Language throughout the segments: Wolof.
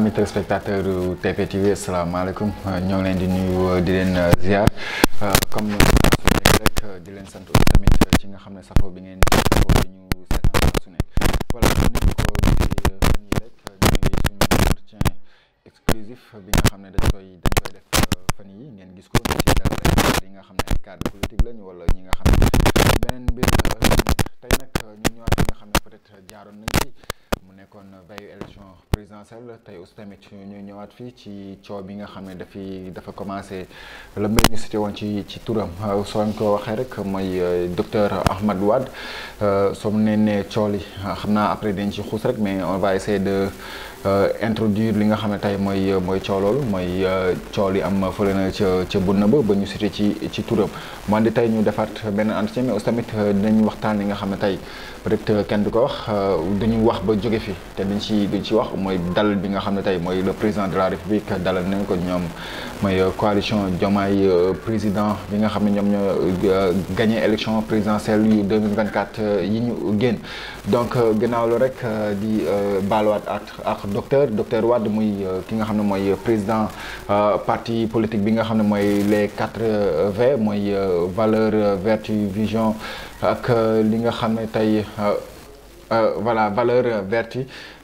amis téléspectateurs TP TV asalaamaaleykum ñoo ngi leen di nuyu di leen uh, ziar élection présidentielle tey aussi tamit ñu ñëwaat fii ci coow bi nga xam ne dafi dafa commencé la mbir ñu cité woon ci ci turam euh, soo ko waxee rek mooy euh, docteur Ahmad Wade euh, soo mu nee ne coow li xam naa après dañ ci xuus rek mais on va essayer de introduire li nga xam ne tey mooy mooy coow loolu mooy coow li am fële na ca ca bunna ba ba ñu cité ci ci turam moo di tey ñu defaat benn entretien mais tamit dinañ waxtaan li nga xam ne tey peut-être kenn du ko wax dañu wax ba jóge fi te dañ ci le président de la république dalal coalition euh, président bi nga euh, élection présidentielle 2024 euh, donc gënaaw rek di docteur docteur Wad muy ki nga président parti politique les quatre V valeur vertu vision ak li nga voilà valeur vertu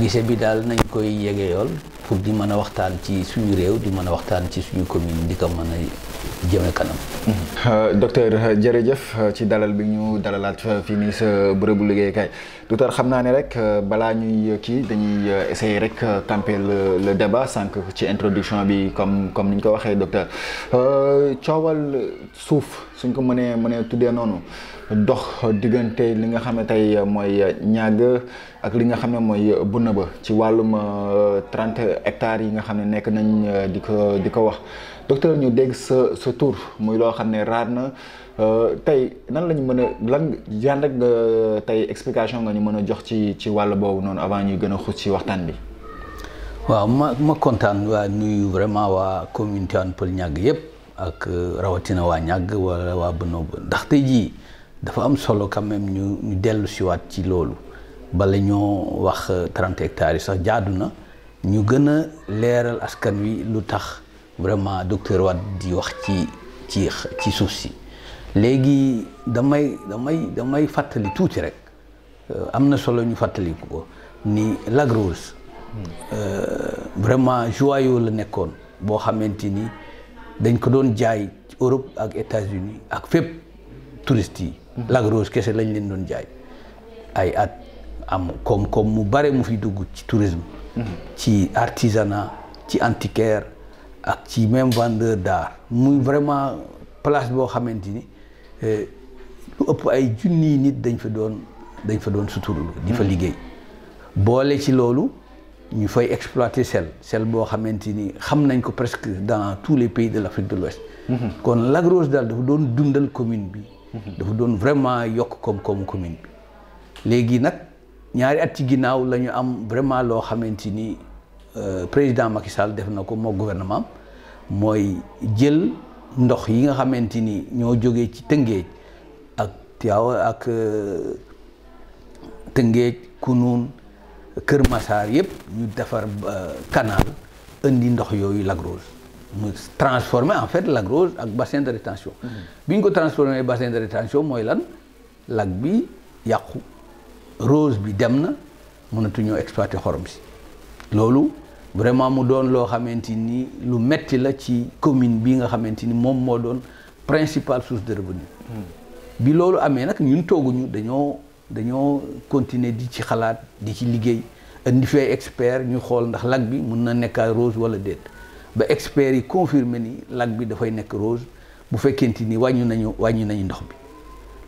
gise bi daal nañ koy yege yool pour di mën a waxtaan ci suñu réew di mën a waxtaan ci suñu commune di ko mën a jëme kanam hmm. uh, docteur uh, jerejeuf uh, ci dalal bi ñu dalalat fi ni sa bërebu liggéey kay docteur xamna ni rek bala ñuy ki dañuy essayer rek tamper le débat sank ci introduction bi comme comme niñ ko waxé docteur euh ciowal souf suñ ko mëne mëne tuddé nonu dox digënté li nga xamé tay moy ñaag ak li nga xamné moy bunna ba ci walum 30 hectares yi nga xamné nek nañ diko diko wax docteur ñu dégg sa sa muy loo xam ne raar na euh, tey nan la ñu mën a lan yan rek nga tey explication nga ñu mën a jox ci ci wàll boobu noonu avant ñuy gën a xut ci waxtaan bi. waaw ma ma kontaan waa nuyu vraiment waa commune Tivaouane Peulh ñàgg yëpp ak euh, rawatina waa ñàgg wala waa Benob ndax te jii dafa am solo quand même ñu ñu dellu siwaat ci loolu bala ñoo wax 30 euh, hectares yi sax jaadu na ñu gën a leeral askan wi lu tax. vraiment docteur Wade di wax ci ci ci souci légui damay damay damay fatali touti rek euh, am na solo ñu fatali ko ni Lac hmm. euh, vraiment joyeux la nekkoon bo xamanteni dañ ko doon jaay ci Europe ak États-Unis ak fep touristes yi hmm. Lac Rose lañ leen doon jaay ay at am comme comme mu bare mu fi dugg ci tourisme hmm. ci artisanat ci antiquaire ak ci même vendeur d'art muy vraiment place boo xamante ni eh, lu ëpp ay junniy nit dañ fa doon dañ fa doon suturlu di fa hmm. liggéey boole ci loolu ñu fay exploiter sel sel boo xamante ni xam nañ ko presque dans tous les pays de l'Afrique de l'Ouest hmm. kon Lac Rose daal dafa doon dundal commune bi hmm. dafa doon vraiment yokk koom-koomu commune bi léegi nag ñaari at ci ginnaaw la ñu am vraiment loo xamante Euh, président Macky Sall def nako mo gouvernement moy jël ndox yi nga xamanteni ni ñoo jógee ci Tëngéej ak Tiaw ak euh, Tëngéej Kunun Kër Massar yépp ñu défar euh, canal indi ndox yoyu Lac Rose mu transformer en fait Lac Rose ak bassin de rétention mm-hmm. biñ ñu ko transformé bassin de rétention moy lan lac bi yaqku Rose bi demna mënatu mënatuñoo exploiter xorom ci loolu vraiment mu doon lo xamanteni lu metti la ci commune bi nga xamanteni mom mo doon principale source de revenu hmm. bi loolu amé nak ñun toguñu dañoo dañoo continuer di ci xalaat di ci liggéey andi fee expert ñu xol ndax lac bi mën na nekk rose wala dette ba expert yi confirmer ni lac bi fay nekk rose bu fekkente ni wañu nañu wañu nañu ndox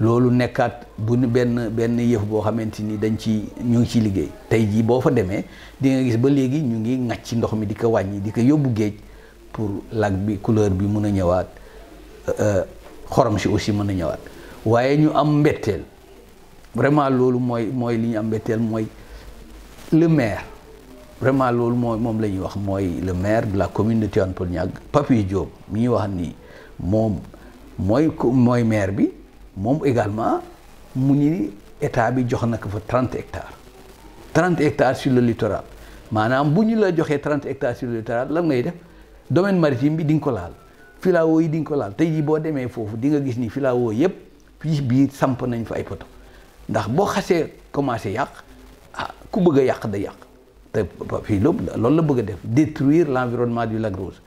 loolu nekkaat bu benn benn yëf boo xamante ni dañ ci ñu ngi ciy liggéey tey jii boo fa demee di gis ba léegi ñu ngi ŋàcc ndox mi di ko wàññi di ko yóbbu géej pour lac bi couleur bi mën a ñëwaat euh, euh, xorom si aussi mën a ñëwaat waaye ñu am mbetteel vraiment loolu mooy mooy li ñu am mbetteel mooy le maire vraiment loolu mooy moom la ñuy wax mooy le maire de la commune de Tivaouane ñàgg Niaga Papi Diop mi ñuy wax nii moom mooy mooy maire bi moom également muni ñu état bi jox na fa 30 hectares 30 hectares sur le littoral maanaam bu la joxee 30 hectares sur le littoral lan ngay def domaine maritime bi di ko laal filawo yi di ko laal tey jii boo demee foofu di nga gis ni filawo yëpp fii biir samp nañ fa ay poto ndax boo xasee commencé yàq ah ku bëgg a yàq da yàq te fii lu loolu la bëgg a def détruire l' du lac rose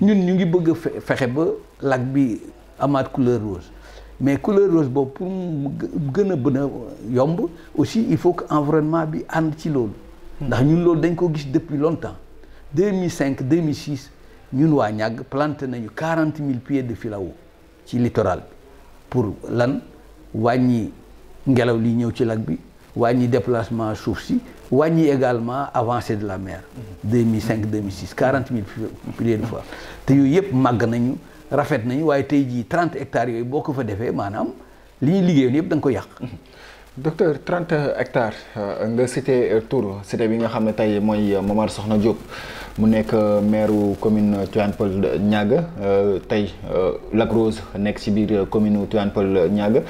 hmm. ñun ñu ngi bëgg fexe ba lac bi amaat couleur rose mais couleur pour gëna bëna aussi il faut que environnement bi and ci lool ndax ñun depuis longtemps 2005 2006 nous avons planté 40 000 pieds de filao le littoral pour lan wàññi ngelaw li ñëw ci lac bi déplacement suuf également avancée de la mer. 2005 2006 40 000 pieds de fois te nañu. rafet nañu waaye tey jii trente hectares yooyu boo ko fa defee maanaam li ñuy liggéeyoon yëpp danga ko yàq. docteur trente hectares euh, nga cité euh, Tour cité bi nga xam ne tey mooy euh, Momar Soxna jóg mu nekk maire commune Tivaouane Peulh Niaga tey Lac Rose nekk ci biir commune Tivaouane Peulh Niaga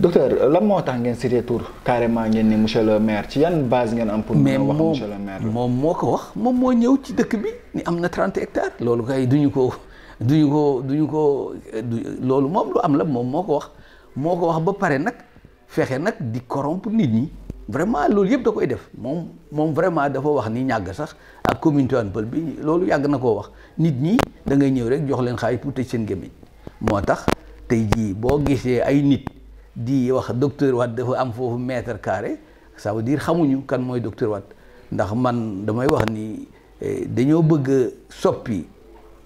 docteur lan moo tax ngeen cité Tour carrément ngeen ni monsieur le maire ci yan base ngeen am. pour wax monsieur le moom moom moo ko wax moom moo ñëw ci dëkk bi ni am na trente hectares loolu kay duñu ko. duñu ko duñu ko loolu moom lu am la moom moo ko wax moo ko wax ba pare nag fexe nag di corrompre nit ñi vraiment loolu yëpp da koy def moom moom vraiment dafa wax ni ñàgg sax ak commune Tivaouane Peulh bi loolu yàgg na koo wax nit ñi da ngay ñëw rek jox leen xaalis pour tëj seen gémmiñ moo tax tey jii boo gisee ay nit di wax docteur Wade dafa am foofu mètre carré ça veut dire xamuñu kan mooy docteur Wade ndax man damay wax ni eh, dañoo bëgg sopp yi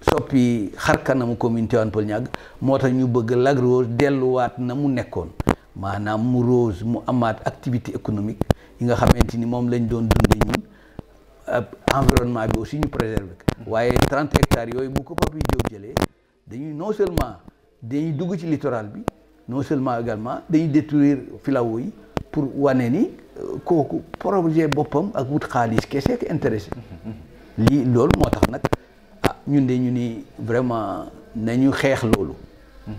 soppi xar kanamu commune Tivaouane Peulh Niaga moo tax ñu bëgg Lac delluwaat na mu nekkoon maanaam mu Rose mu amaat activité économique yi nga xamante ni moom lañ doon dundee ñun environnement bi aussi ñu préserver waaye 30 hectares yooyu bu ko Pape jëlee dañuy non seulement dañuy dugg ci littoral bi non seulement également dañuy détruire filao yi pour wane ni euh, kooku projet boppam ak wut xaalis kese intéressé mm-hmm. lii loolu moo tax nag. Nous, avons vraiment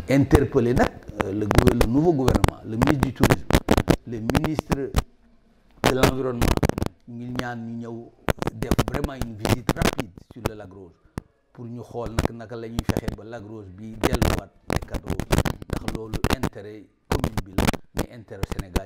interpellé euh, le nouveau gouvernement le ministre du tourisme le ministre de l'environnement nous avons vraiment une visite rapide sur le lac pour nous xool nag naka la ñuy le ba lac Rose bi Rose intérêt intérêt Sénégal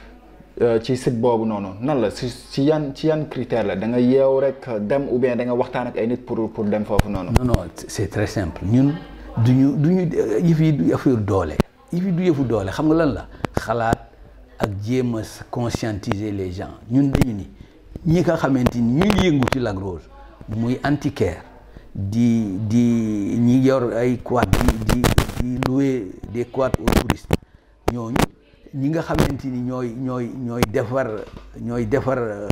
Euh, ci site boobu noonu nan la si si yan ci yan critère la da nga yeew rek euh, dem ou bien da nga waxtaan ak ay nit pour pour dem foofu noonu. non non c'est très simple ñun du ñu du ñu euh, yëf yi doole. yëf yi doole xam nga lan la xalaat ak jéem a conscientiser les gens ñun dañu ni ñi nga xamante ni ñu ngi yëngu ci Lac Rose muy antiquaire di di ñi yor ay quad di di di louer des quads aux touristes ñi nga xamante ni ñooy ñooy ñooy defar ñooy defar euh,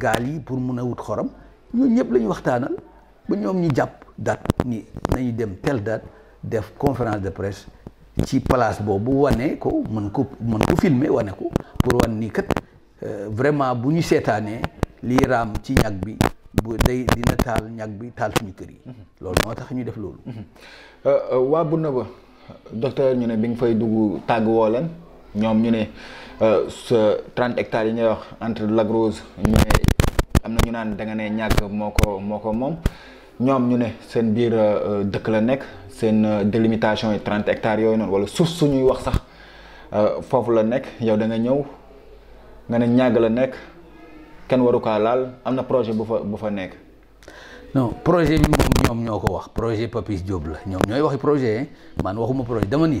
gaal yi pour mun a wut xorom ñooñu ñëpp lañu waxtaanal ba ñoom ñu jàpp date ni nañu dem tel date def conférence de presse ci place boobu wane ko mën ko mën ko filme wane ko pour wan ni kat euh, vraiment bu ñu seetaanee lii raam ci ñag bi bu day dina taal ñag bi taal suñu kër yi. Mhm. loolu moo tax ñu def loolu. Mhm. Euh, waa bu na ba docteur ñu ne bi nga fay dugg tàgg woo leen ñoom ñu ne sa euh, 30 hectares yi ñuy wax entre Lagrose ñu ne am na ñu naan danga ne ñàkk moo ko moo ko moom ñoom ñu ne seen biir euh, dëkk la nekk seen euh, délimitation yi 30 hectares yooyu noonu wala su ñuy wax sax foofu la nekk yow da nga ñëw nga ne ñàgg la nekk kenn waru kaa laal am na projet bu fa bu fa nekk. non projet bi moom ñoom ñoo ko wax projet Papis Diop la ñoom ñooy waxi projet man waxuma projet dama ni.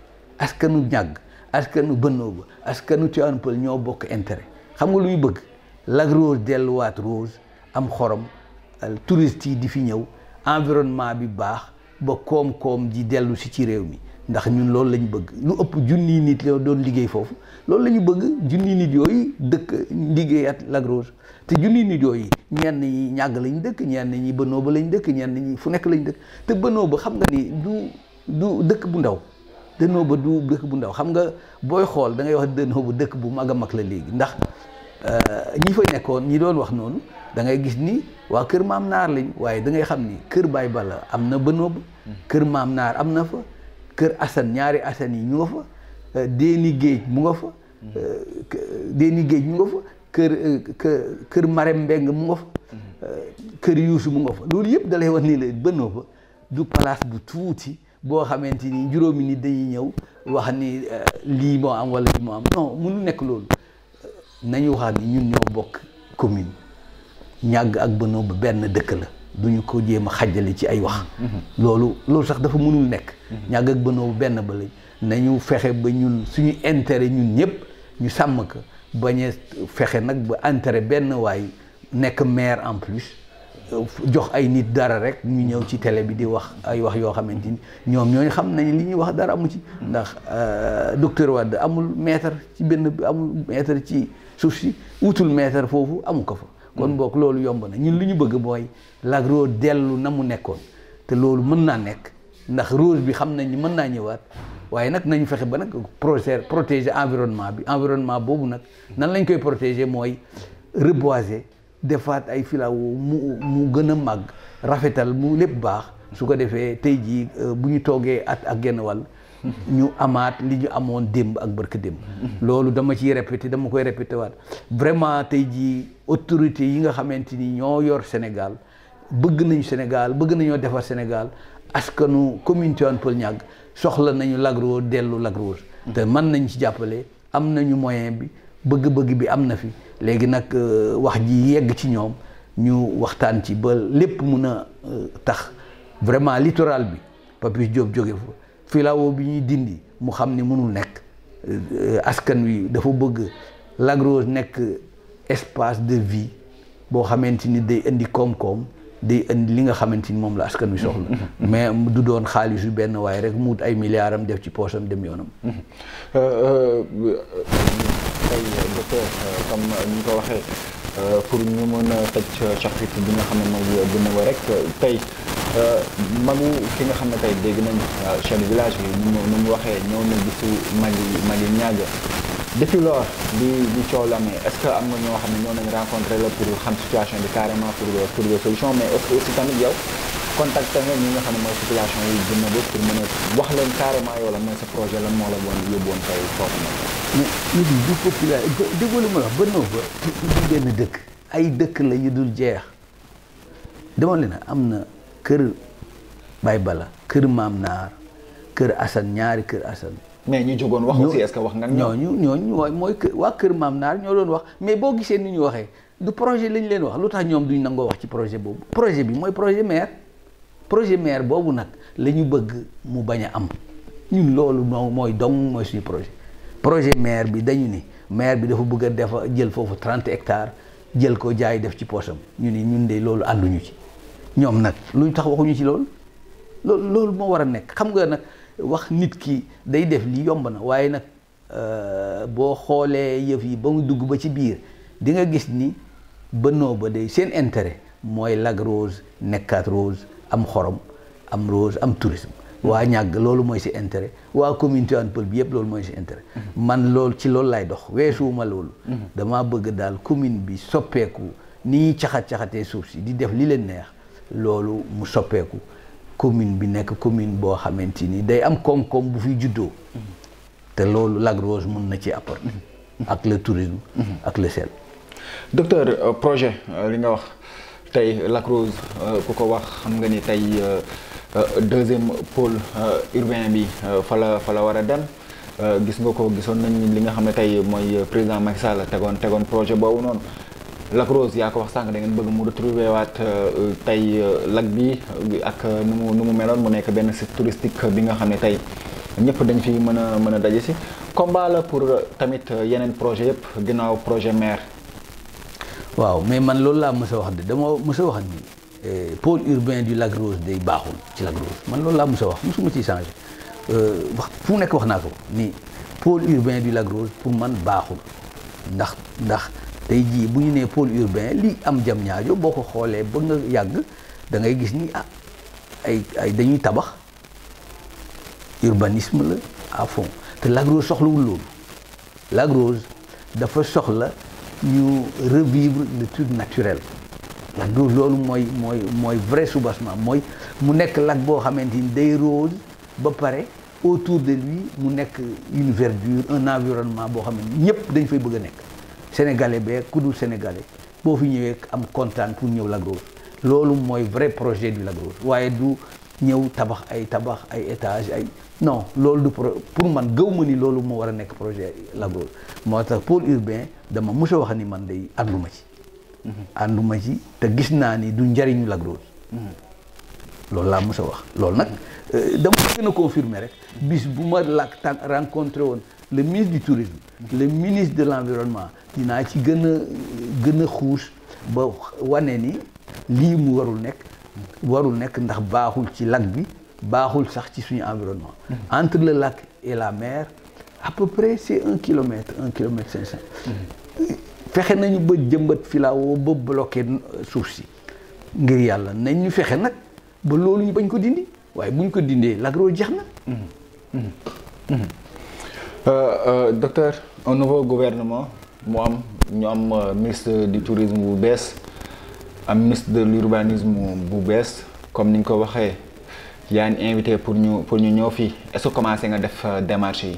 askanu ñàgg askanu bënnoo ba askanu Tivaouane Peulh ñoo bokk intérêt xam nga lu ñu bëgg Lac Rose delluwaat Rose am xorom euh, touristes yi di fi ñëw environnement bi baax ba koom-koom ji dellu si ci réew mi ndax ñun loolu la bëgg lu ëpp junniy nit la doon liggéey foofu loolu la ñu bëgg junni nit yooyu dëkk liggéey at Lac Rose te junniy nit yooyu ñenn ñi ñàgg lañ dëkk ñenn ñi bënoo ba lañ dëkk ñenn ñi fu nekk lañ dëkk te bënoo ba xam nga nii du du dëkk bu ndaw dënnoo ba du dëkk bu ndaw xam nga booy xool da ngay wax dënnoo bu dëkk bu mag a mag la léegi ndax euh, ñi fa nekkoon ñi doon wax noonu dangay gis ni waa kër maam naar lañ waaye da ngay xam ni kër Baay Balla am na ba noob hmm. kër maam naar am na fa kër Assane ñaari Assane yi ñu fa euh, Déni Géej mu nga fa hmm. euh, Déni Géej mu nga kër kër Marème Mbeng mu nga fa hmm. kër Yuusu mu nga fa loolu yëpp dalay lay wax nii la bënoo fa du place bu tuuti boo xamante ni juróomi nit dañuy ñëw wax ni euh, lii moo am walla lii moo am non munu nekk loolu nañu wax ni ñun ñoo bokk commune ñàgg ak bënoo ba benn dëkk la duñu ko jéem a xajale ci ay wax mm-hmm. loolu loolu sax dafa mënul nekk mm-hmm. ñàgg ak bënoo ba benn ba lañ nañu fexe ba ñun suñu intérêt ñun ñëpp ñu sàmm ko bañ fexe nag ba intérêt benn waay nekk maire en plus jox ay nit dara rek ñu ñëw ci télé bi di wax ay wax yoo xamante ni ñoom ñooñu xam nañu li ñuy wax dara amu ci ndax euh, docteur Wade amul mètre ci benn amul mètre ci suuf si wutul mètre foofu amu ko fa kon mm. boog loolu yomb na ñun li ñu bëgg mooy Lac Rose dellu na mu nekkoon te loolu mën naa nekk ndax Rose bi xam nañ ni mën naa ñëwaat waaye nag nañu fexe ba nag protéger protéger environnement bi environnement boobu nag nan lañ koy protéger mooy reboiser defaat ay filaw mu mu gën a màgg rafetal mu lépp baax su ko defee tey jii euh, bu ñu toogee at ak genn wall ñu amaat li ñu amoon démb ak barka démb loolu dama ciy répété dama koy répété waat vraiment tey jii autorité yi nga xamante ni ñoo yor Sénégal bëgg nañu Sénégal bëgg nañoo defar Sénégal askanu commune Tivaouane Peulh ñàgg soxla nañu Lac dellu Lac Rose mm-hmm. te mën nañ ci jàppale am nañu moyen bi bëgg-bëgg bi am na fi léegi nag euh, wax ji yegg ci ñoom ñu waxtaan ci ba lépp mun a euh, tax vraiment littoral bi Papis Diop jóge fa filao bi ñuy dindi mu xam ni mënul nekk euh, askan wi dafa bëgg Lac nekk espace de vie boo xamante ni day indi koom-koom day indi li nga xamante ni moom la askan wi soxla. Mhm. mais du doon xaalis yu benn waaye rek mu wut ay milliards am def ci poosam dem yoonam. Mhm. tey docteur euh, euh, comme euh, ni ñu ko waxee pour ñu mën a tëj chapitre bi nga xam ne mooy dina wa rek tey magu ki nga xam ne tey dégg nañ chef de village bi nu nu mu waxee ñëw na gisu Mali Mali ñaaga depuis lors bi bi coow la amee est-ce que am nga ñoo xam ne ñoo nañ rencontré la pour xam situation bi carrément pour pour des solutions mais aussi tamit contacté nga ñi nga xam ne mooy population yi dina ba wax leen carrément yow lan mooy lan moo la woon yóbbuwoon tey foofu na mais ñu di dëkk ay dëkk la dul jeex dama leen am na kër Baye Bala kër Maam Naar kër Assane ñaari kër Assane ñu jógoon wax aussi est-ce que wax nga ñooñu ñooñu mooy mooy waa kër Maam Naar ñoo doon wax mais boo gisee ni ñu waxee du projet lañu leen wax lu tax ñoom duñ nangoo wax ci projet boobu projet bi mooy projet maire projet maire boobu nag la ñu bëgg mu bañ a am ñun loolu moo mooy dong mooy suñu projet projet maire bi dañu ni maire bi dafa bëgg a defa jël foofu trente hectare jël ko jaay def ci poosam ñu ni ñun de loolu ànduñu ci ñoom nag lu tax waxuñu ci loolu loolu loolu moo war a nekk xam nga nag wax nit ki day def li yomb na waaye nag euh, boo xoolee yëf yi ba mu dugg ba ci biir di nga gis ni bënnoo ba day seen intérêt mooy Lac Rose nekkaat Rose am xorom am rose am tourisme wa ñag lolu moy ci intérêt wa communauté en peuple yëpp lolu moy ci intérêt man lolu ci lolu lay dox wéssuma lolu dama bëgg dal commune bi soppeku ni ñuy souf ci di def li leen neex lolu mu soppeku commune bi nek commune bo xamanteni day am kom kom bu fi juddo te lolu lag Rose mën na ci apporter ak le tourisme ak le sel docteur projet li nga wax tey Lac Rose euh, ku ko wax xam nga ni tey euh, euh, deuxième pôle urbain bi fa la fa la war a dem gis nga ko gisoon nañ li nga xam ne tey mooy président Macky Sall tegoon tegoon projet boobu noonu Lac Rose yaa ko wax sànq da ngeen bëgg mu retrouver waat tey lac bi ak nu mu nu mu meloon mu nekk benn site touristique bi nga xam ne tey ñëpp dañ fi mën a mën a daje si combat la pour tamit yeneen projet yëpp ginnaaw projet maire waaw mais man loolu laa mës wax de dama mës a wax ni eh, pôle urbain du Lac day baaxul ci Lac Rose man loolu laa mës wax mësuma suma changé eh, wax fu nekk wax naa ko ni pôle urbain du Lac Rose pour man baaxul ndax ndax tey jii bu ñu nee pôle urbain lii am jam ñaajo boo ko xoolee ba nga yàgg da ngay gis nii ah ay ay dañuy tabax urbanisme la à te Lac Rose soxlawul loolu Lac dafa soxla ñu revivre de truc naturel la loolu mooy mooy mooy vrai soubassement mooy mu nekk lac boo xamante ni day rose ba pare autour de lui mu nekk une verdure un environnement boo xam ne ñëpp dañ fay bëgg a sénégalais bee ku sénégalais boo fi ñëwee am kontaan pour ñëw Lac Rose loolu mooy vrai projet du Lac Rose waaye du ñëw tabax ay tabax ay étage ay non loolu du pour man gëw ma ni loolu moo war a projet la Rose moo tax pôle urbain dama mos a wax ni man day anduma ci anduma ci te gis naa ni du njariñu Lac Rose loolu laa wax loolu nag euh, dama gën a confirmer rek bis bu ma Lac tan rencontré woon le ministre du tourisme le ministre de l'environnement dinaa ci gën a gën a xuus ba wane ni lii mu warul nekk warul nekk ndax baaxul ci lac bi baaxul sax ci suñu environnement entre le lac et la mer à peu près c'est un kilomètre un kilomètre cinq cents fexe nañu ba jëmbat filao ba bloqué suuf si ngir yàlla nañ ñu fexe nag ba loolu ñu bañ ko dindi waaye buñ ko dindee l'agro jeex na. Euh, euh, docteur un nouveau gouvernement mu am ñu am euh, ministre du tourisme bu bees am ministre de l'urbanisme bu bees comme ni ñu ko waxee yaa ngi invité pour ñu pour ñu ñëw fii est-ce commencé nga def démarche yi.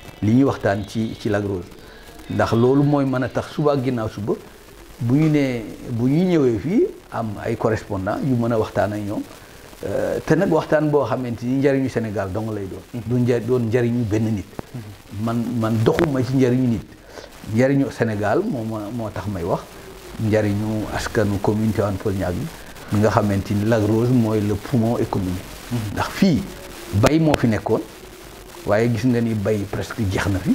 li ñuy waxtaan ci ci Lac ndax loolu mooy mën a tax suba ak ginnaaw suba bu ñu nee bu ñuy ñëwee fii am ay correspondant yu mën a waxtaan ak ñoom euh, te nag waxtaan boo xamante ni njariñu Sénégal dong lay doon. Mhm. du doon njariñu benn nit. Mhm. man man doxuma ci njariñu nit njariñu Sénégal moo moo tax may wax njariñu askanu commune Tivaouane Peulh-Niaga bi nga xamante ni Lac mooy le poumon économique. Mhm. ndax fii bay moo fi nekkoon. waaye gis nga ni bay presque jeex na fi.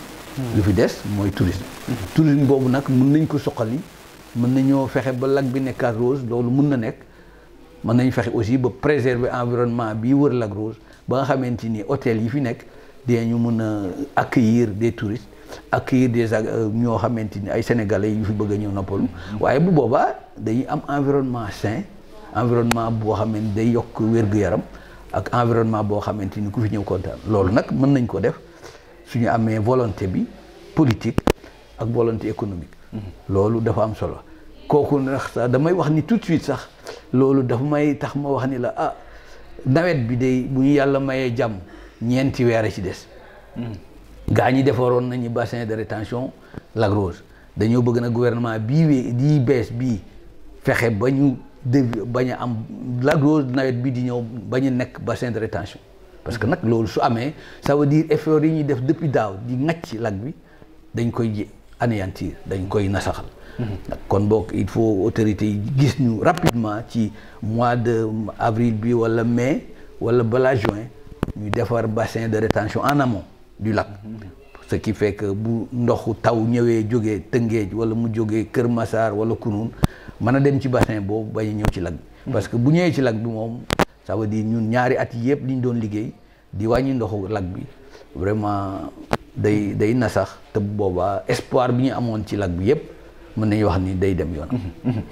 lu fi des mooy tourisme. tourisme boobu nag mun nañ ko soqali mën nañoo fexe ba lag bi nekk ak rose loolu mën na nekk mën nañ fexe aussi ba préserver environnement bi wër lac rose ba nga xamante ni hôtel yi fi nekk ñu mën a accueillir des touristes accueillir des euh, ñoo xamante ni ay sénégalais yu fi bëgg a ñëw noppalu waaye bu boobaa dañuy am environnement sain environnement boo xam ne day yokk wér-gu-yaram ak environnement boo xamante ni ku fi ñëw kontaan loolu nag mën nañ koo def su ñu amee volonté bi politique ak volonté économique mhm. loolu dafa am solo kooku ndax sax damay wax ni tout de suite sax loolu daf may tax ma wax ni la ah nawet bi de bu ñu yàlla mayee jàmm ñeenti weer a ci des mhm. gaa ñi defaroon nañu bassin de rétention Lac Rose dañoo bëgg na gouvernement bii bees bii fexe ba ñu de bañ a am Lac nawet bi di ñëw bañ nekk bassin de rétention parce que nag loolu su amee ça veut dire effort yi ñuy def depuis daaw di ŋàcc lag bi dañ koy anéantir dañ koy nasaxal. Mhm. kon boog il faut autorités yi gis ñu rapidement ci mois de avril bi wala mais wala balaa juin ñu defar bassin de rétention en amont du lac. Mhm. ce qui fait que bu ndoxu taw ñëwee jógee Tëngéej wala mu jóge Kër Massar wala Kounoune. mën a dem ci bassin boobu bañ ñëw ci lag bi hmm. parce que bu ñëwee ci lag bi moom ça veut ñun ñaari at yi yëpp li ñu doon liggéey di wàññi ndoxu lag bi vraiment day day nasax te bu boobaa espoir bi ñu amoon ci lag bi yëpp mën nañu wax ni day dem yoon. Hmm. Hmm.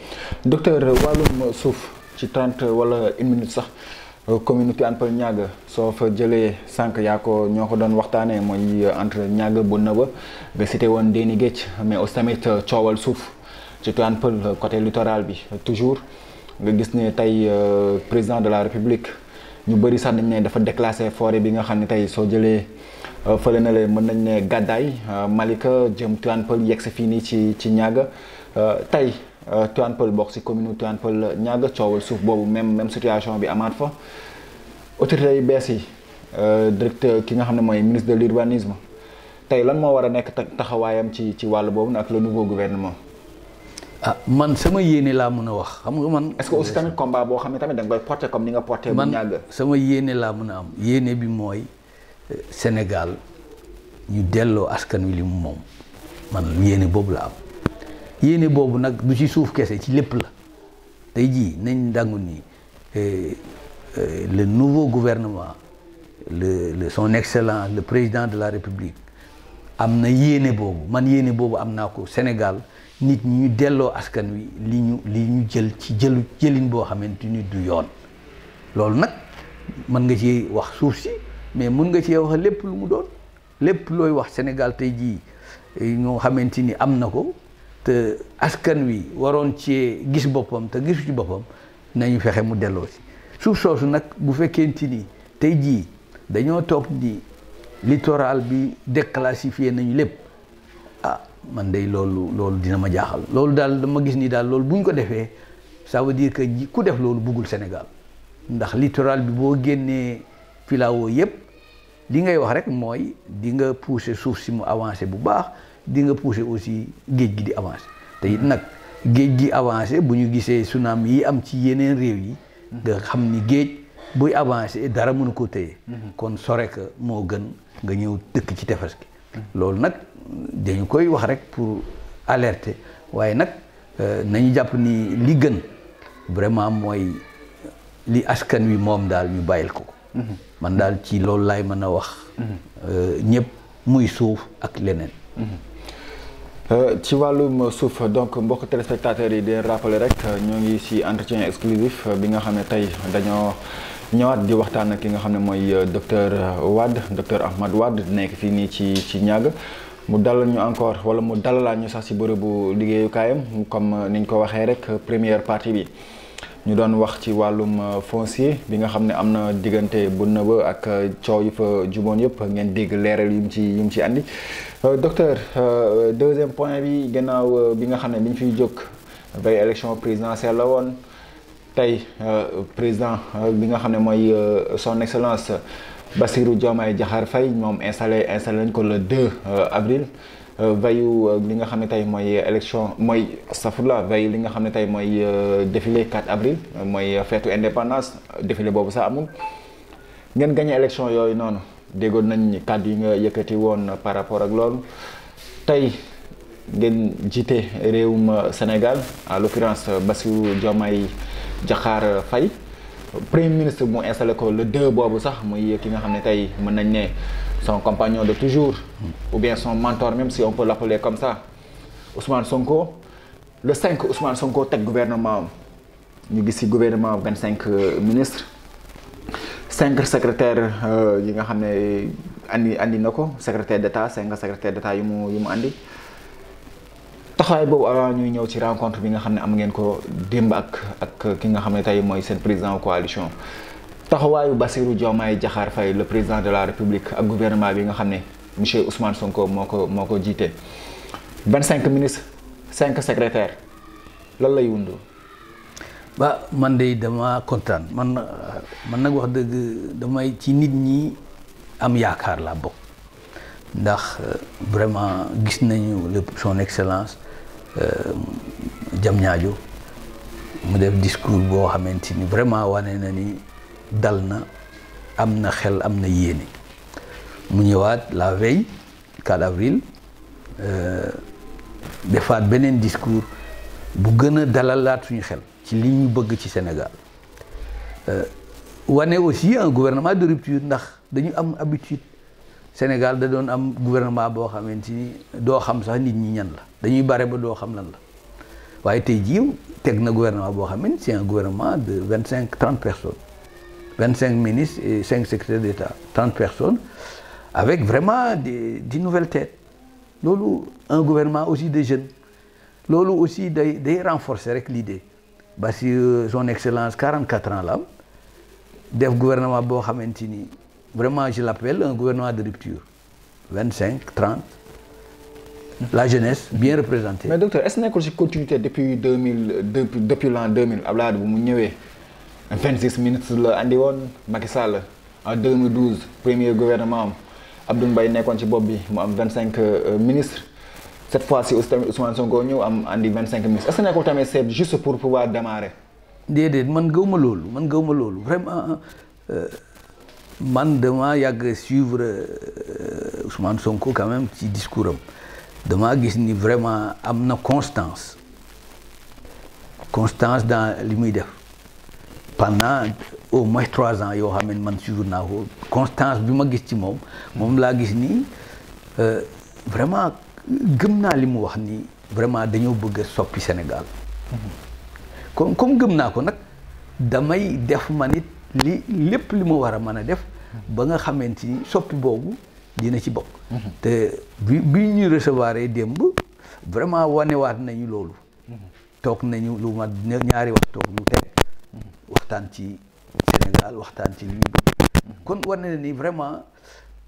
docteur wàllum suuf ci 30 wala une minute sax euh, commune Tivaouane Peulh Niaga soo fa jëlee sànq yaa ko ñoo ko doon waxtaanee mooy euh, entre Niaga bu Nëba nga cité woon Déni Géej mais au tamit euh, coowal suuf. ci Tivaouane Peulh côté littoral bi toujours nga gis ne tey euh, président de la république ñu bëri sax nañ ne dafa déclassé forêt bi nga xam ne tey soo jëlee euh, fële na leen mën nañ ne gàddaay euh, Malika jëm Tivaouane Peulh yegg si fii nii ci ci ñaaga tey Tivaouane Peulh bokk si commune Tivaouane Peulh ñaaga coowal suuf boobu même même situation bi amaat fa autorité yu bees yi directeur ki nga xam ne mooy ministre de l'urbanisme tey lan moo war a nekk taxawaayam ci ci wàll boobu nag le nouveau ah man sama yéene la mën wax xam nga man. est-ce que aussi tamit combat bo xam tamit da nga porter comme ni nga porter. bu ñag sama yéene la mën am yéene bi moy eh, Sénégal ñu delloo askan wi li mom man yéene bobu la am yéene bobu nak du ci souf kese ci lépp la tay ji nañ dangu ni eh, eh, le nouveau gouvernement le le son excellent le président de la république amna yene yéene boobu man yéene bobu amna ko Sénégal. nit ñi ñu delloo askan wi li ñu li ñu jël ci jëlu jëlin boo xamante ni du yoon loolu nag mën nga ci wax suuf si mais mun nga ci wax lépp lu mu doon lépp looy wax Sénégal tey jii eh, ñoo xamante ni am na ko te askan wi waroon ci gis boppam te gisu ci boppam nañu fexe mu delloo si suuf soosu nag bu fekkente ni tey jii dañoo topp ni littoral bi déclassifié nañu lépp man de loolu loolu dina ma jaaxal loolu daal dama gis ni daal loolu bu ñu ko defee ça veut que ku def loolu buggul Sénégal ndax littoral bi boo génnee filao yëpp li ngay wax rek mooy di nga pousser suuf si mu avancé bu baax di nga pousser aussi géej gi di avancé te it nag géej gi avancé bu ñu gisee tsunami yi am ci yeneen réew yi nga xam ni géej buy avancé dara mënu ko téye mhm. kon sore que moo gën nga ñëw dëkk ci tefes gi mhm. loolu nag dañu koy wax rek pour alerte waaye nag euh, nañu jàpp ni li gën vraiment mooy li askan wi moom daal ñu bàyyil ko mhm. man daal ci loolu laay mën a wax mhm. euh, ñëpp muy suuf ak leneen mhm. euh, ci wàllum suuf donc mbokk téléspectateurs yi di rappeler rek ñoo ngi ci entretien exclusif bi nga xam ne tey dañoo ñëwaat di waxtaan ak ki nga xam ne mooy docteur Wade docteur Ahmad Wade nekk fii nii ci ci ñàgg mu dalal ñu encore wala mu dalalaat ñu sax si bërëbu liggéeyu kaayam comme niñ ko waxee rek première partie bi ñu doon wax ci wàllum euh, foncier bi nga xam ne am na diggante bu nëba ak euh, coow yi fa juboon yëpp ngeen dégg leeral yum ci yum ci andi euh, docteur deuxième point bi gannaaw bi nga xam biñ fiy jóg bay élection présidentielle la woon tey président bi nga xam ne son excellence Basiru Diomaye Jahar Fay mom installé installé nañ ko le 2 euh, avril uh, vayu uh, li nga xamné tay moy élection moy safula vayu li nga xamné tay moy euh, défilé 4 avril uh, moy fête indépendance défilé bobu sa amul ngeen gagné élection yoy non dégon nañ kaddu yi nga yëkëti ya won par rapport ak lool tay ngeen jité réewum Sénégal à l'occurrence Basiru Diomaye Jahar Fay premier ministre bon installé ko le deux boobu sax muy ki nga son compagnon de toujours ou bien son mentor même si on peut l'appeler comme ça Ousmane Sonko le 5 Ousmane Sonko teg gouvernement ñu gis ci gouvernement 25 cinq euh, ministres cinq secrétaires euh, yi nga andi andi secrétaire d'état 5 secrétaires d'état taxawaay boobu avant ñuy ñëw ci rencontre bi nga xam ne am ngeen ko démb ak ak ki nga xam ne tey mooy seen président coalition taxawaayu Bassirou Diomaye jaxaar fay le président de la République ak gouvernement bi nga xam ne monsieur Ousmane Sonko moo ko moo ko jiite. vingt cinq ministres cinq secrétaires lan lay wundu ba man de dama kontaan man man nag wax dëgg damay ci nit ñi am yaakaar laa bokk. ndax euh, vraiment gis nañu lépp son excellence Euh, jam ñaajo mu def discours boo xamante ni vraiment wane na ni dal na am na xel am na yéene mu ñëwaat la veille 4 avril euh, defaat beneen discours bu gën a dalalaat suñu xel ci li ñu bëgg ci Sénégal euh, wane aussi un gouvernement de rupture ndax dañu am habitude Sénégal da gouvernement bo xamanteni do xam sax nit ñi ñan la dañuy bare ba do xam lan la waye tay ji tek gouvernement bo c'est un gouvernement de 25 30 personnes 25 ministres et 5 secrétaires d'état 30 personnes avec vraiment des, nouvelles têtes C'est un gouvernement aussi de jeunes lolu aussi renforcé renforcé l'idée parce que son excellence 44 ans le def gouvernement bo xamanteni vraiment, je l'appelle un gouvernement de rupture. 25, 30, la jeunesse bien représentée. Mais docteur, est-ce que c'est continuité depuis, 2000, depuis, l'an 2000 À vous m'avez 26 minutes la Macky Sall en 2012 premier gouvernement Abdoulaye 25 euh, ministres cette fois-ci Ousmane 25 ministres est-ce que vous continué, c'est juste pour pouvoir démarrer. Je man gëw man vraiment. Euh, man dama que suivre euh, Ousmane Sonko quand même ci discours am damaa gis ni vraiment am constance constance dans li def pendant au moins trois ans yoo xam man suivre na ko constance bi ma gis ci mom moom laa gis ni euh, vraiment gëm limu wax ni vraiment dañoo bëgg soppi Sénégal mhm. comme comme gëm ko nak damay def man li lépp li mu war a mën a def ba nga xamante ni soppi boobu dina ci bokk mhm. te bi bi ñu recevoir démb vraiment wanewaat nañu loolu mhm. toog nañu lu mat ñaari wax toog ñu teg mhm. waxtaan ci Sénégal waxtaan ci li ñu bëgg kon war na ni vraiment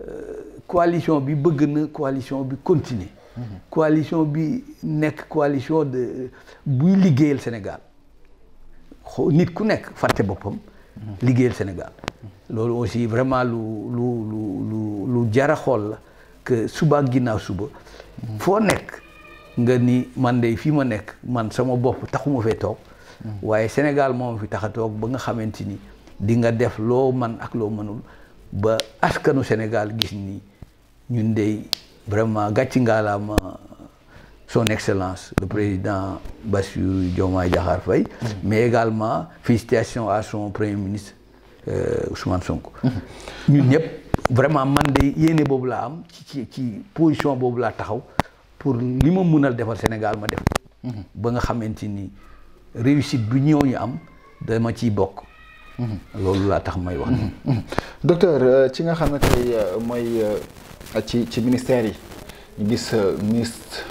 euh, coalition bi bëgg na coalition bi continuer coalition bi nekk coalition de buy liggéeyal Sénégal nit ku nekk fàtte boppam liggéeyal Sénégal loolu aussi vraiment lu lu lu lu lu jara xool la que suba ak ginnaaw suba foo nekk nga ni man de fii ma nekk man sama bopp taxuma fee toog waaye Sénégal moom fi tax a toog ba nga xamante ni di nga def loo man ak loo mënul ba askanu Sénégal gis nii ñun de vraiment gàcci ngaalaama son excellence le président Bassu Diomaye Jahar mm-hmm. mais également félicitations à son premier ministre euh, Ousmane Sonko mm-hmm. ñun mmh. vraiment man de yene boobu laa am ci ci pour position pour li mënal Sénégal ma def mm-hmm. ba nga xamante ni réussite bu ñëw ñu am dama ciy bokk tax may docteur euh, ci nga xam le suis euh, mooy euh, ministère de ñu ministre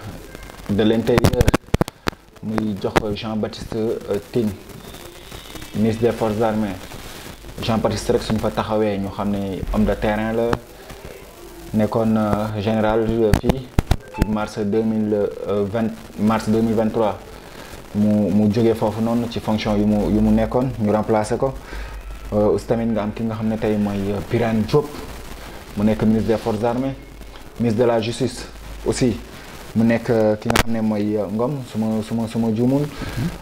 de l'intérieur je Jean-Baptiste euh, Tin, ministre des forces armées Jean-Baptiste Rex, fa homme de terrain la le euh, général mars 2023. Euh, mars 2023 fonction remplacer ministre des forces armées ministre de la justice aussi. mu nekk euh, ki nga xam ne mooy euh, Ngom suma suma suma juumul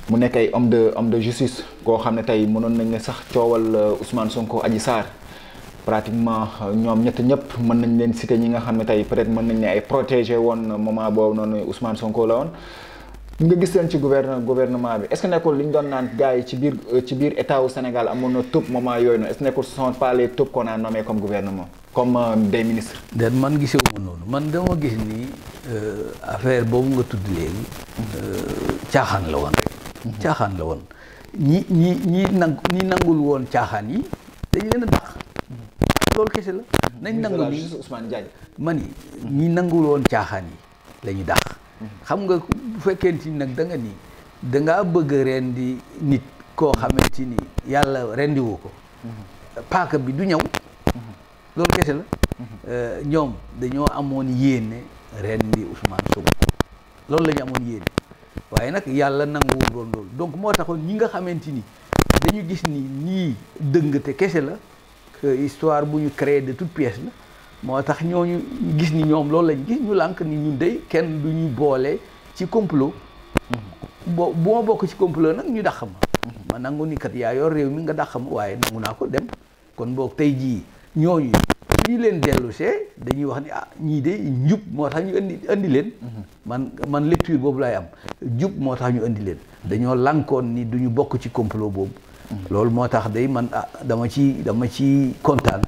mu nekk ay homme de homme de justice koo xam ne tey mënoon nañ ne sax coowal euh, Ousmane Sonko Adji Sarr pratiquement ñoom ñett ñëpp mën nañ leen citer ñi nga xam ne tey peut-être mën nañ ne ay protégé woon moment boobu noonu Ousmane Sonko la woon nga gis leen ci gouverne bi est que nekkul li ñu doon naan gars yi ci biir ci biir état wu Sénégal amoon na top moment yooyu noonu est-ce que nekkul ce comme euh, des ministres. man gisee wu ma noonu man dama gis ni euh, affaire boobu nga tudd léegi euh, caaxaan la woon rek. Mhm. caaxaan la woon ñi ñi ñi nangu ñi nangul woon caaxaan yi dañ leen a kese la. nañ nangu man yi mhm. ñi nangul woon caaxaan yi la ñu mhm. xam nga bu fekkente ni nag danga nga ni da bëgg a rendi nit koo xamante ni yàlla rendiwu ko. paaka bi du ñëw. loolu kese la euh, ñoom dañoo amoon yéene ren di Ousmane loolu la ñu amoon yéene waaye nag yàlla nanguwul doon loolu donc moo taxoon ñi nga xamante ni dañu gis ni ñii dëng te kese la que histoire bu ñu créer de toute pièce la moo tax ñooñu gis ni ñoom loolu lañ gis ñu lànk ni ñu dey kenn du ñu boole ci complot bo bu ma bokk ci complot nag ñu dàq ma ma nangu ni kat yaa yor réew mi nga dàq ma waaye nangu naa ko dem kon boog tey jii ñooñu ñu leen dellu see dañuy wax ni ah ñii de njub moo tax ñu indi indi leen mhm. man man lecture boobu laay am njub moo tax ñu indi leen dañoo lankoon ni du ñu bokk ci complot boobu mhm. loolu moo tax day man ah dama ci dama ci kontaan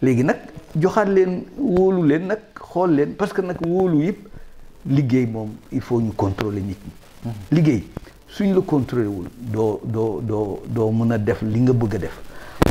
léegi nag joxaat leen wóolu leen nag xool leen parce que nag wóolu yëpp liggéey moom il faut ñu contrôler nit ñi mhm. liggéey suñ la contrôler wul doo doo doo doo mën a def li nga bëgg a def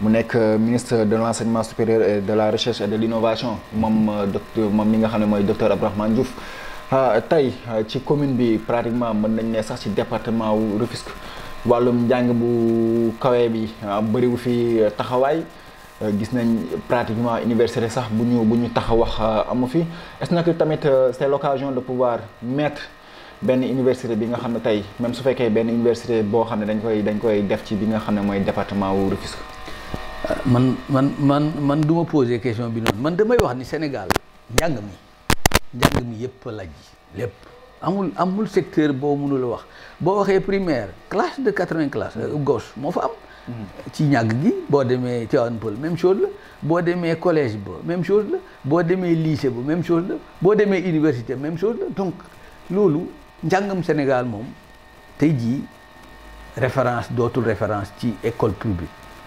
mu nekk euh, ministre de l' enseignement supérieur et de la recherche et de l' moom euh, docteur moom mi nga xam ne mooy docteur Abdourahmane Diouf ah, tey euh, ci commune bi pratiquement mën nañ ne sax ci département wu Rufisque wàllum njàng bu kawee bi bëriwu fi taxawaay gis nañ pratiquement université sax bu ñu bu ñu tax wax amu fi est-ce que tamit c'est l'occasion de pouvoir mettre benn université bi nga xam ne tey même su fekkee benn université boo xam ne dañ koy dañ koy def ci bi nga xam ne mooy département wu Rufisque man man man man du ma question bi noonu man damay wax ni Sénégal njàng mi njàng mi yëpp la ji lépp amul amul secteur boo mënul wax boo waxee primaire classe de quatre-vingts classe euh, gos moo fa am hmm. ci ñàgg gi boo demee Tivaouane Peulh même chose la boo demee collège ba même chose la boo demee lycée ba même chose la boo demee université même chose la donc loolu njàngam Sénégal moom tey ji référence dootul référence ci école publique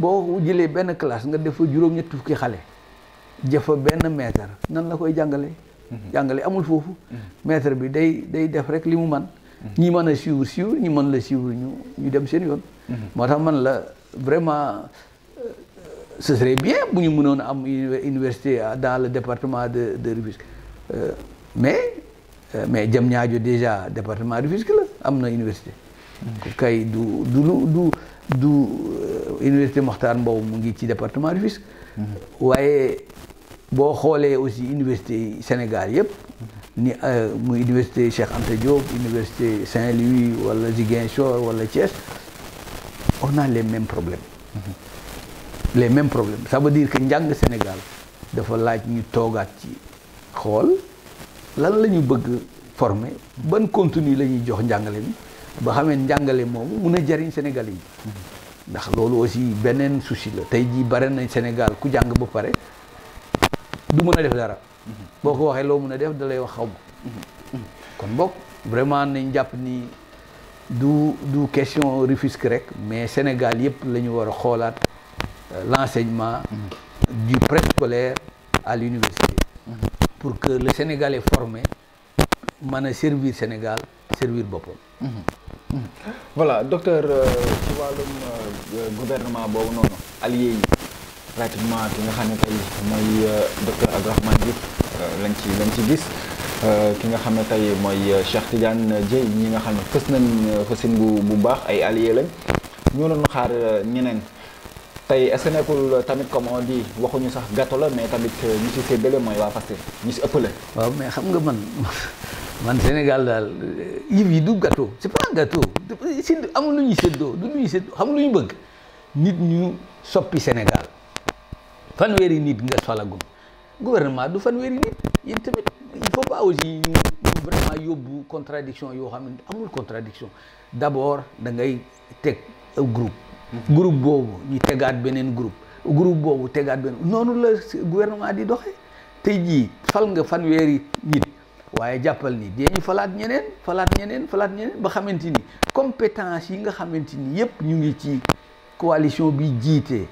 boo jëlee benn classe nga def fa juróom-ñetti fukki xale jëfa benn maître nan la koy jàngale mhm. jàngale amul foofu mhm. maître bi day day def rek li mu man mhm. ñi mën a suivre suivre ñi mën la suivre ñu ñu dem seen yoon moo tax man la vraiment euh, ce serait bien bu ñu mënoon am université dans le département de de Rufisque euh, mais euh, mais Diamniadio déjà département Rufisque la am na université kay du du du euh, université Mokhtar Mbow mu ngi ci département Rufisque mm-hmm. waaye boo xoolee aussi université Sénégal yëpp mm-hmm. ni euh, muy université Cheikh ante Diop université Saint-Louis wala Ziguinchor wala Thiès on a leen même problème les même problème mm-hmm. ça veut dire que njàng Sénégal dafa laaj ñu toogaat ci xool lan la ñu bëgg former ban contenu la ñuy jox njàngale mi ba xamee njàngale moomu mun a jariñ Sénégal yi ndax loolu aussi beneen souci la tey jii bare Sénégal ku jàng ba pare du mën a def dara boo ko waxee loo mën a def da lay wax xaw kon vraiment ni du du question refuse rek mais Sénégal yëpp la ñu war euh, l'enseignement du préscolaire à l'université pour que le Sénégalais formé mën a servir Sénégal servir boppam voilà docteur euh, ci wàllum euh, gouvernement boobu noonu allié yi pratiquement ki nga xam ne tey mooy euh, docteur Abdourahmane Diouf lañ ci lañ ci gis ki nga xam ne tey mooy Cheikh Tidiane Dieye ñi nga xam ne fës nañ fësin bu bu baax ay allié lañ ñoo doon xaar ñeneen tey est-ce tamit comme on dit waxuñu sax gâteau la mais tamit ñu si séddale mooy waa Pastef ñu si ëppale. waaw mais xam nga man man Sénégal daal yëf yi du gâteau tàggatoo sédd amul lu ñuy séddoo du lu ñuy séddoo xam lu ñu bëgg nit ñu soppi Sénégal fanweeri nit nga solagum gouvernement du fanweeri nit yéen tamit il faut pas aussi ñu vraiment yóbbu contradiction yoo xam ne amul contradiction d'abord da ngay teg groupe groupe boobu ñu tegaat beneen groupe group boobu tegaat beneen noonu la gouvernement di doxee tey jii fal nga fanweeri nit waaye jàppal ni dinañ falaat ñeneen falaat ñeneen falaat ñeneen ba xamante ni compétence yi nga xamante ni yépp ñu ngi ci coalition bi jiite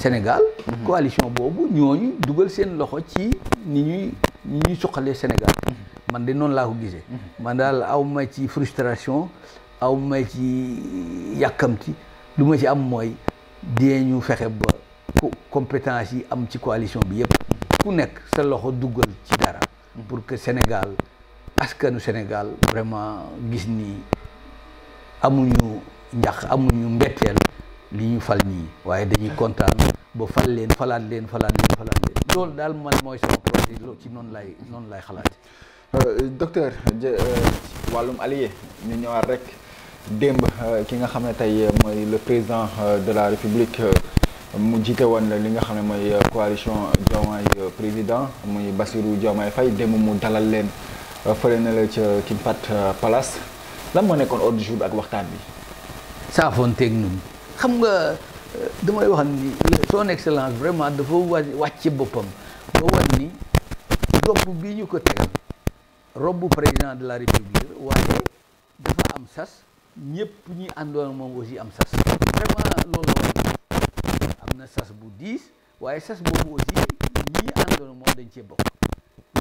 Sénégal mhm. coalition boobu ñooñu dugal seen loxo ci ni ñuy ni ñuy suqalee Sénégal mhm. man de noonu laa ko gisee mhm. man daal aw ma ci frustration aw ma ci yàkkamti lu ma ci am mooy dinañu fexe ba compétence yi am ci coalition bi yépp ku nekk sa loxo dugal ci dara pour que Sénégal askanu Sénégal vraiment gis ni amuñu njax ñu mbetteel li ñu fal ñii waaye dañuy kontaan ba fal leen falaat leen falaat leen loolu daal man mooy sama projet loolu ci noonu lay noonu lay xalaat. Euh, docteur euh, wàllum allié ñu ñëwaat rek démb euh, ki nga xam ne tey mooy le président de la république. mu jiite woon la li nga xam ne mooy euh, coalition Diomaye euh, président muy Bassirou Diomaye Faye démb mu dalal leen euh, fële na la ca Kimpat Palace la moo nekkoon ordre jour ak waxtaan bi. saafoonteeg ñun xam nga damay wax ni son excellence vraiment dafa wàcc boppam ba wan ni robb bi ñu ko tegal robbu président de la république waaye dafa am sas ñëpp ñu àndoon moom aussi am sas vraiment loolu am na sas bu diis waaye sas boobu aussi ñii àndoon moom dañ cee bokk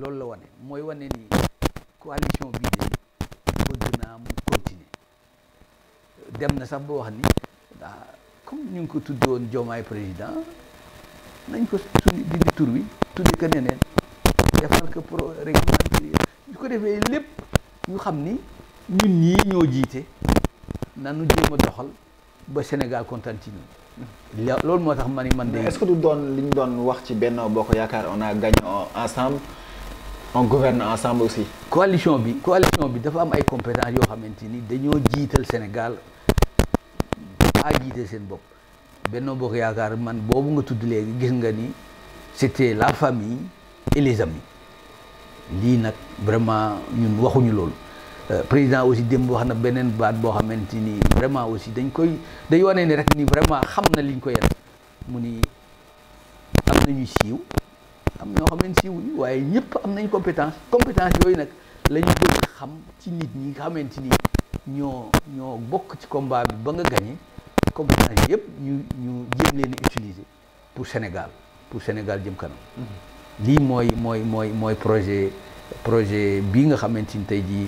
loolu la wane mooy wane ni coalition bii de bëgg naa mu continuer dem na sax ba wax ni ah, comme ñu ngi ko tuddoon woon Diomaye président nañ ko tuddi dindi tur wi tuddi ko neneen defal ko pro règlement intérieur ko defee lépp ñu xam ni ñun ñii ñoo jiite nanu jéem doxal ba Sénégal kontaan ci ñun loolu moo tax man de. est-ce que tu doon li ñu doon wax ci Benno Bokk Yaakaar on a gagné ensemble on gouverne ensemble aussi. coalition bi coalition bi dafa am ay compétences yoo xamante ni dañoo jiital Sénégal a jiital seen bopp Benno Bokk Yaakaar man boobu nga tudd léegi nga ni c'était la famille et les amis Li nag vraiment ñun waxuñu loolu. Euh, président aussi démb wax na beneen baat boo xamante ni vraiment aussi dañ koy day wane ni rek ni vraiment xam na liñ ko yen mu ni am nañu siiw am ñoo xam ne waaye ñëpp am nañ compétence compétence yooyu nag la ñu xam ci nit ñi nga xamante ni ñoo ñoo bokk ci combat bi ba nga gagné compétence yëpp ñu ñu jéem leen utiliser pour Sénégal pour Sénégal jëm kanam mm-hmm. lii mooy mooy mooy mooy projet projet bii nga xamante ni tey jii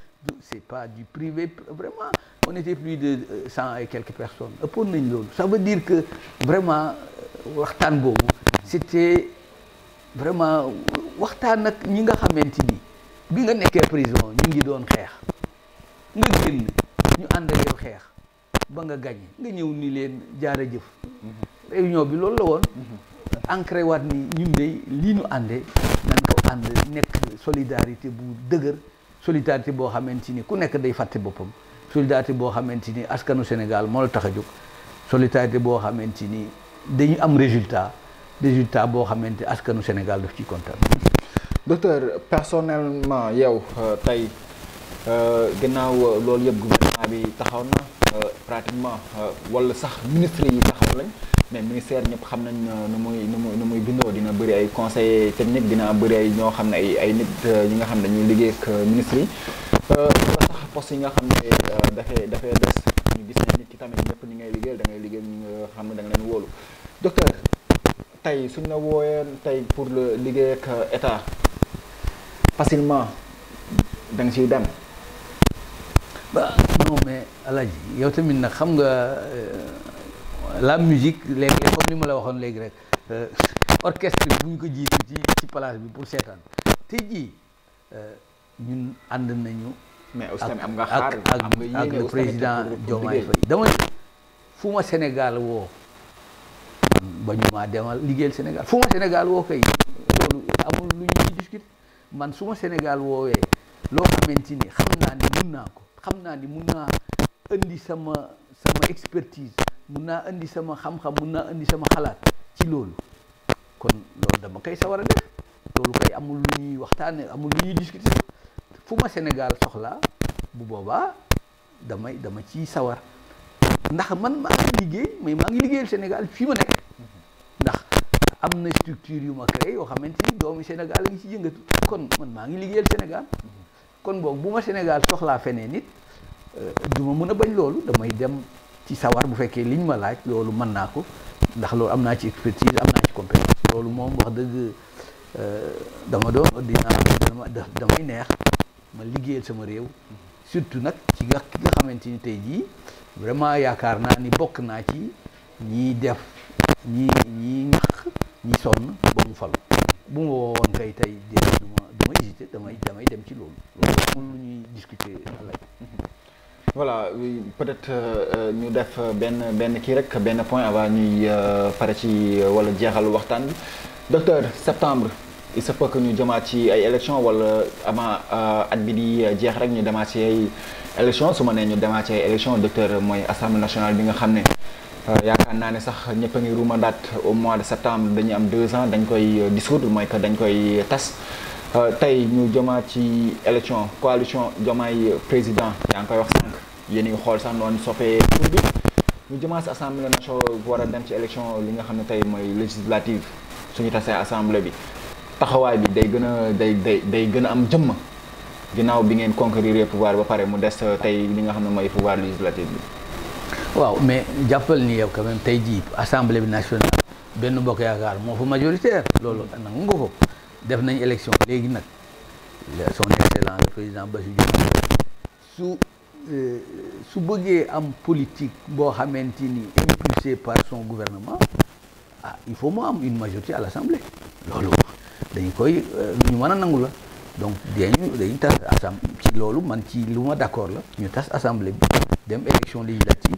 c'est pas du privé vraiment on était plus de 100 euh, et quelques personnes ça veut dire que vraiment euh, c'était vraiment waxtaan n'inga ñi nga prison n'ingi ngi doon xeex nga génn ñu ànd ak ba nga ni réunion bi loolu la ancré waat ni ñun de solidarité bu solidarité boo xamante ni ku nekk day fàtte boppam solidarité boo xamante ni askanu Sénégal moo la tax a jóg solidarité boo xamante ni dañu am résultat résultat boo xamante askanu Sénégal daf ciy yow euh, tey euh, gannaaw euh, loolu yëpp gouvernement bi taxaw na. pratiquement eh, wala sax ministre yi taxaw lañ mais ministère ñep xam nañ nu muy nu muy bindo dina bëri ay conseiller technique dina bëri ay ño xamne ay ay nit yi nga xamne ñuy liggéey ak ministre euh sax poste yi nga xamne da fay da dess ñu gis nañ nit ki tamit ñep ni ngay liggéey da ngay liggéey ñu xam na da ngay wolu docteur tay suñ la woyé tay pour le liggéey ak état facilement dang ciy dem ba non mais yow tamit nag xam nga euh, la musique léegi comme ni ma la waxoon léegi rek euh, orchestre bi bu ñu ko jiitu ci ci place bi pour seetaan te jii euh, ñun ànd nañu. mais aussi tamit am nga xaar am nga yéene ak président Diomaye Faye dama fu ma Sénégal woo ba ñu maa demal liggéeyal Sénégal fu ma Sénégal woo kay amul lu ñu ci discuter man su ma Sénégal woowee loo xamante ni xam naa ne mun naa ko. xamna ni muna andi sama sama expertise muna andi sama xam xam muna andi sama xalaat ci lolu kon lolu dama kay sawara def lolu kay amul lu ñuy waxtaan amul lu ñuy discuter fuma senegal soxla bu boba damay dama ci sawar ndax man ma ngi liggéey may ma ngi liggéeyal sénégal fii ma nekk ndax am na structure yu ma créé yoo xamante ni doomu sénégal ci yëngatu kon man maa ngi liggéeyal sénégal kon boog bu ma Sénégal soxlaa feneen nit euh, du ma mën a bañ loolu damay dem ci sawar bu fekkee liñ ma laaj loolu mën naa ko ndax loolu am naa ci expertise am naa ci compétence loolu moom wax dëgg euh, dama doon dinaa damay neex ma liggéeyal sama réew surtout nag ci nga ki nga xamante ni tey jii vraiment yaakaar naa ni bokk naa ci ñiy def ñii ñiy ñax ñi sonn ba mu falu bon ma woon kay tey déedéet du ma hésité damay damay dem ci loolu loolu ñuy discuter àllaj mhm. voilà peut-être euh, ñu def ben ben kii rek benn point avant ñuy euh, pare ci wala jeexal waxtaan bi docteur septembre il se peut que ñu jëmaat ci ay élection wala avant at bi di jeex rek ñu demaat ci ay élection su ma nee ñu demaat ci docteur mooy assemblée nationale bi nga xam Euh, yaakaar naa ne sax ñëpp a ngi ruumandaat au mois de septembre dañu am deux ans dañ koy euh, dissoudre mooy que dañ koy euh, tas tey ñu jëmaat ci élection coalition yi président yaa ngi koy wax sànq yéen a xool sax noonu soppee tur bi ñu jëmaat si assemblée nationale war a dem ci élection li nga xam ne tey mooy législative suñu tasee assemblée bi taxawaay bi day gën a day day day gën a am jëmm ginnaaw bi ngeen conquérir pouvoir ba pare mu des tey li nga xam ne mooy pouvoir bi. waaw mais j'appelle ni yow quand même tey assemblée nationale benn bokk yaakaar moo fa majoritaire loolu nangu nga ko def nañ élection léegi nag son excellence le président Bassirou sous su euh, su bëggee am politique boo impulsé par son gouvernement ah il faut mu am une majorité à l'assemblée loolu dañu koy euh, ñu mën a donc dañu dañu tas assemblée ci loolu man ci lu d'accord la ñu tas assemblée bi dem élection législative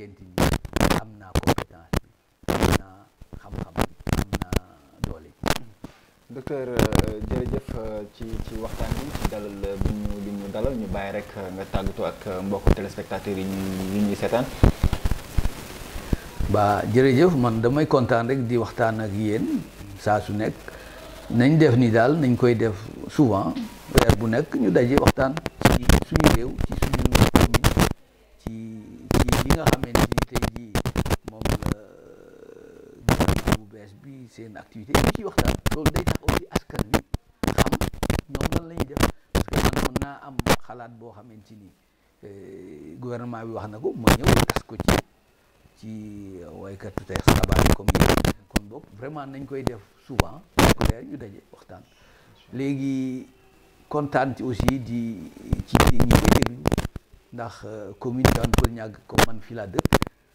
kenti amna am na compétence bi am na xam xam am na doole docteur eh, jërëjëf eh, ci ci waxtaan bi ci dalal bu ñu di ñu dalal ñu bàyyi rek nga tàggatoo ak eh, mbokku téléspectateurs yi ñu ñu seetaan ba jërëjëf man damay kontaan rek di waxtaan ak yéen saa su nekk nañ def ni dal, nañ koy def souvent weer bu nekk ñu daje waxtaan ci suñu réew seen activité ñu ciy waxtaan loolu day tax aussi askan wi xam ñoom lan la def parce que man mën naa am xalaat boo xamante ni eh, gouvernement bi wax na ko ma ñëw tas ko ci ci waykatu tey xabaar yi comme yéen kon boog vraiment nañ koy def souvent yu leer daje waxtaan léegi kontaan ci aussi di ci ñi koy déglu ndax euh, commune Tivaouane Peulh Niaga comme man fii laa dëkk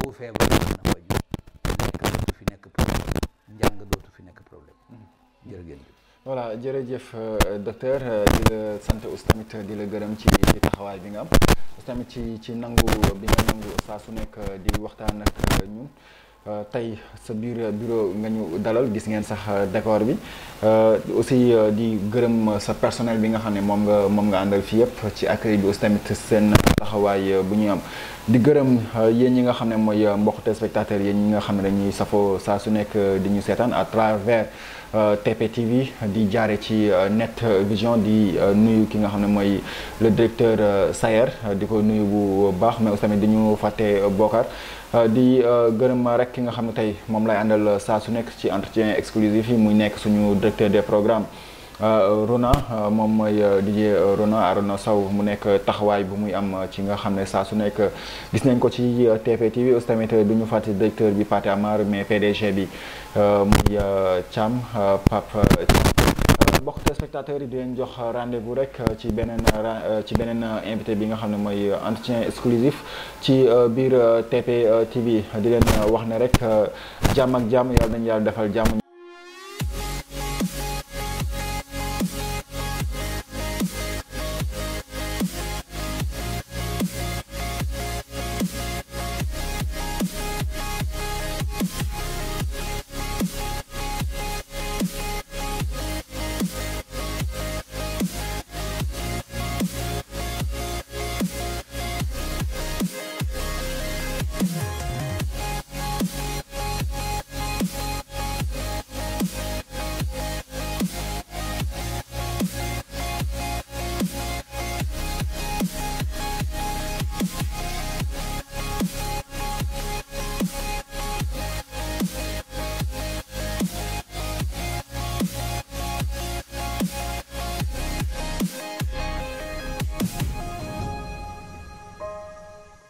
boobu feebar mën na faju lekk dootu fi nekk problème njàng dootu fi nekk problème hmm. jërë ngeen jëf voilà jërëjëf euh, docteur euh, di la sant aussi di la gërëm ci taxawaay bi nga am aussi ci ci nangu bi nga nangu saa su nekk euh, di waxtaan ak ñun Euh, tey sa biir bureau nga ñu dalal gis ngeen sax euh, décor bi euh, aussi di gërëm sa personnel bi nga xam ne moom nga moom nga àndal fii yëpp ci accueil bi aussi tamit seen taxawaay bu ñu am di gërëm yéen ñi nga xam ne mooy mbokk téléspectateurs yéen ñi nga xam ne dañuy safoo saa su nekk di ñu seetaan à travers TPTV di jaare ci Net Vision di nuyu ki nga xam ne mooy le directeur Sayer di ko nuyu bu baax mais aussi tamit di ñu fàtte Bokar Uh, di uh, gërëm rek ki nga xam ne tey moom lay àndal uh, saa su nekk ci entretien exclusive yi muy nekk suñu directeur des programmes runa moom mooy dj runa arona saw mu nekk taxawaay bu muy am ci nga xam ne saa su nekk gis nañ ko ci tv tv aussi tamit du ñu fàtte directeur bi pate amar mais pdg bi muy cham pap téléspectateurs yi di jox rendez-vous rek euh, ci beneen euh, euh, ci beneen invité bi nga xam ne mooy entretien exclusif ci biir TP TV di leen wax na rek jàmm ak jàmm yàlla nañu yàlla defal jàmm.